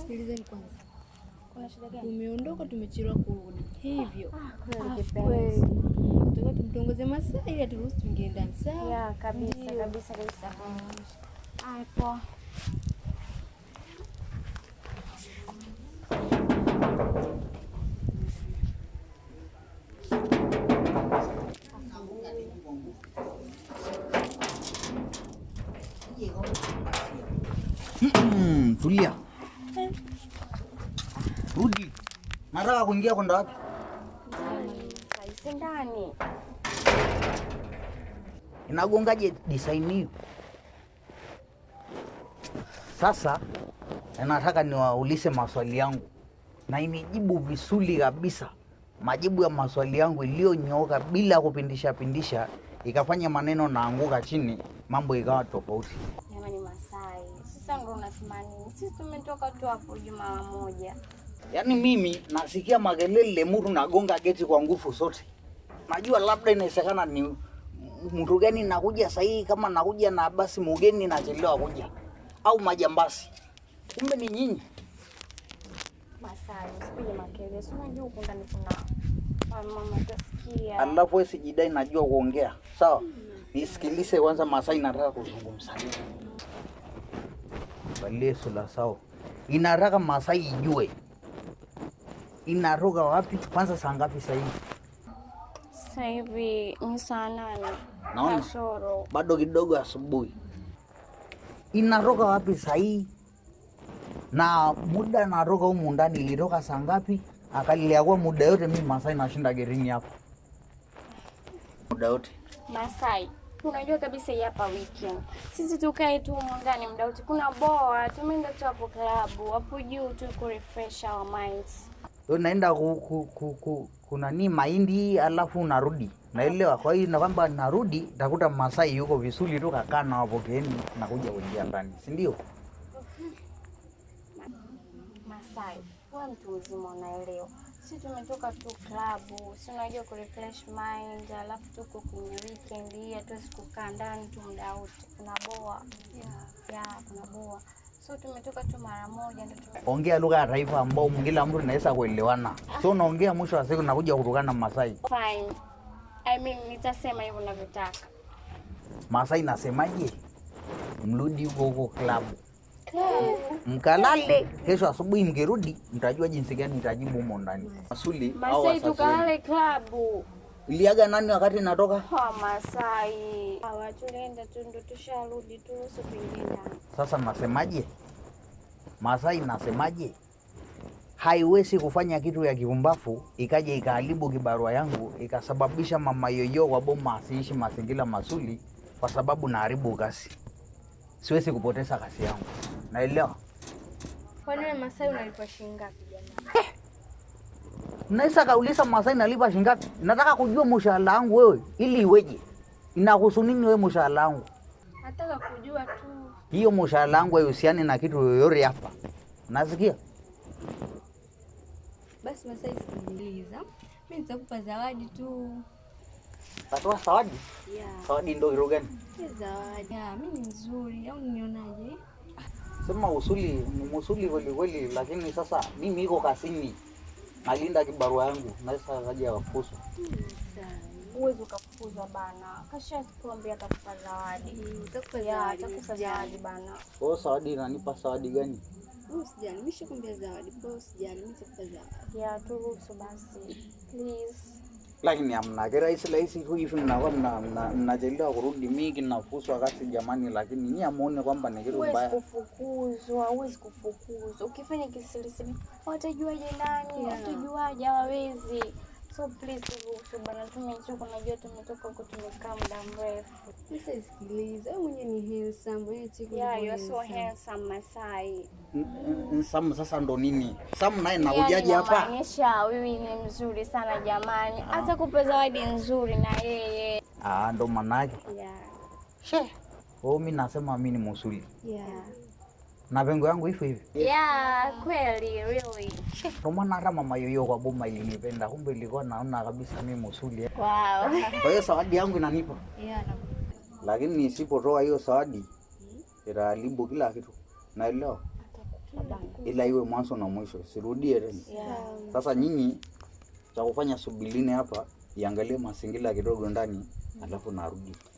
Sikilizeni kwanza. Umeondoka, tumechelewa kurudi, hivyo ah, ah, tutakiwa tumtongoze masaa ili aturuhusu tuingie ndani. Sawa kabisa kabisa kabisa. Ah tulia. Rudi. Nataka kuingia kwenda wapi? Ndani. Inagongaje design hiyo? Sasa nataka niwaulize maswali yangu na imejibu visuli kabisa majibu ya maswali yangu iliyonyooka bila kupindisha pindisha, ikafanya maneno naanguka chini, mambo ikawa tofauti sasa ndo unasema nini? Sisi tumetoka tu hapo juma moja. Yaani mimi nasikia makelele mtu nagonga geti kwa nguvu zote. Najua labda inawezekana ni mtu gani nakuja sahihi, kama nakuja na basi mgeni nachelewa kuja au majambasi, kumbe ni nyinyi. Alafu sijidai najua kuongea sawa, hmm. nisikilize kwanza. Masai nataka kuzungumza wamevalia sura sao inaraka Masai ijue inaruga wapi kwanza, saa ngapi sasa hivi? Sasa hivi ni saa nane naona bado kidogo asubuhi. Inaruka wapi sasa hivi? na muda naroka humu ndani iliroga saa ngapi? Akaliakuwa muda yote, mi Masai nashinda gerini hapo muda yote Masai Unajua kabisa hii hapa weekend sisi tukae tu muda mdauti, kuna boa, tumeenda tu hapo klabu hapo juu tu ku refresh our minds. Unaenda ku, ku, ku, ku, kuna ni mahindi alafu unarudi, naelewa. Kwa hiyo na kwamba narudi takuta Masai yuko visuli tu kakaa na wapokeeni nakuja kuingia ndani, si ndio? Masai wewe mtu mzima unaelewa. Si tumetoka tu klabu, si unajua ku refresh mind, alafu tuko kwenye weekend hii, hatuwezi kukaa ndani tu muda wote, kuna boa yeah, kuna boa so tumetoka tu mara moja ndio ongea lugha ya taifa ambao mwingine mtu tunaweza kuelewana. So unaongea mwisho wa siku nakuja na Masai. Fine. I mean nitasema hivyo ninavyotaka. Masai nasemaje? Mrudi huko huko klabu mkalale. Kesho asubuhi mkirudi, mtajua jinsi gani nitajibu humo ndani. Masuli au Masai klabu Iliaga nani wakati natoka? Ha, Masai. Hawa tulienda tu ndo tusharudi tu nusu Sasa nasemaje? Masai nasemaje? Haiwezi kufanya kitu ya kivumbafu ikaja ikaharibu kibarua yangu ikasababisha mama yoyo wa boma asiishi mazingira mazuri kwa sababu naharibu kazi. Siwezi kupoteza kazi yangu naelewa. Kwa nini Masai unalipa shilingi ngapi jamani? Naisa kauliza Masai nalipa shilingi ngapi? Nataka kujua mshahara wangu wewe ili iweje? Inahusu nini wewe mshahara wangu? Nataka kujua tu. Hiyo mshahara wangu haihusiani na kitu yoyote hapa. Unasikia? Basi Masai sikiliza. Mimi nitakupa zawadi tu. Patoa zawadi? Yeah. Zawadi ndio hiyo gani? Zawadi. Yeah, mimi nzuri au nionaje? sema usuli ni musuli kweli kweli, lakini sasa mimi iko kasini, nalinda kibarua yangu, naweza kaja kufukuzwa. Huwezi ukafukuzwa bana, kasha kuambia atakupa zawadi, atakupa zawadi bana. Kwa zawadi inanipa zawadi gani? Usijali, mimi nishakwambia zawadi, kwa hiyo usijali, mimi zawadi ya turuhusu basi, please lakini amnake rahisi rahisi tu hivi mnakuwa mnachelewa kurudi. Mimi kinafuswa kazi jamani, lakini nyi amuone kwamba ni kitu mbaya. kufukuzwa, huwezi kufukuzwa. Ukifanya kisirisiri watajuaje nani? Watajuaje? Hawawezi. So please turuhusu bana, tumechoka. Najua tumetoka huko, tumekaa muda mrefu. Sasa wewe mwenyewe ni handsome, eh Yeah, you so handsome Masai. Sam sasa ndo nini? Sam naye na ujaji hapa. Anaonyesha wewe ni mzuri sana jamani. Ah. Hata kupe zawadi nzuri na yeye. Ah, ndo manake. Yeah. She. Oh, mimi nasema mimi ni mzuri. Yeah na vengo yangu hivi hivi. Yeah, kweli really. Ndio maana hata mama yoyo kwa boma ilinipenda, kumbe ilikuwa naona kabisa mimi musuli. Wow. Kwa hiyo zawadi yangu inanipa. Yeah, no. Lakini nisipotoa hiyo zawadi itaharibu kila kitu. Naelewa? Ila iwe mwanzo na mwisho, sirudie tena. Yeah. Sasa nyinyi cha kufanya subilini hapa, iangalie mazingira kidogo ndani, alafu narudi.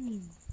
嗯。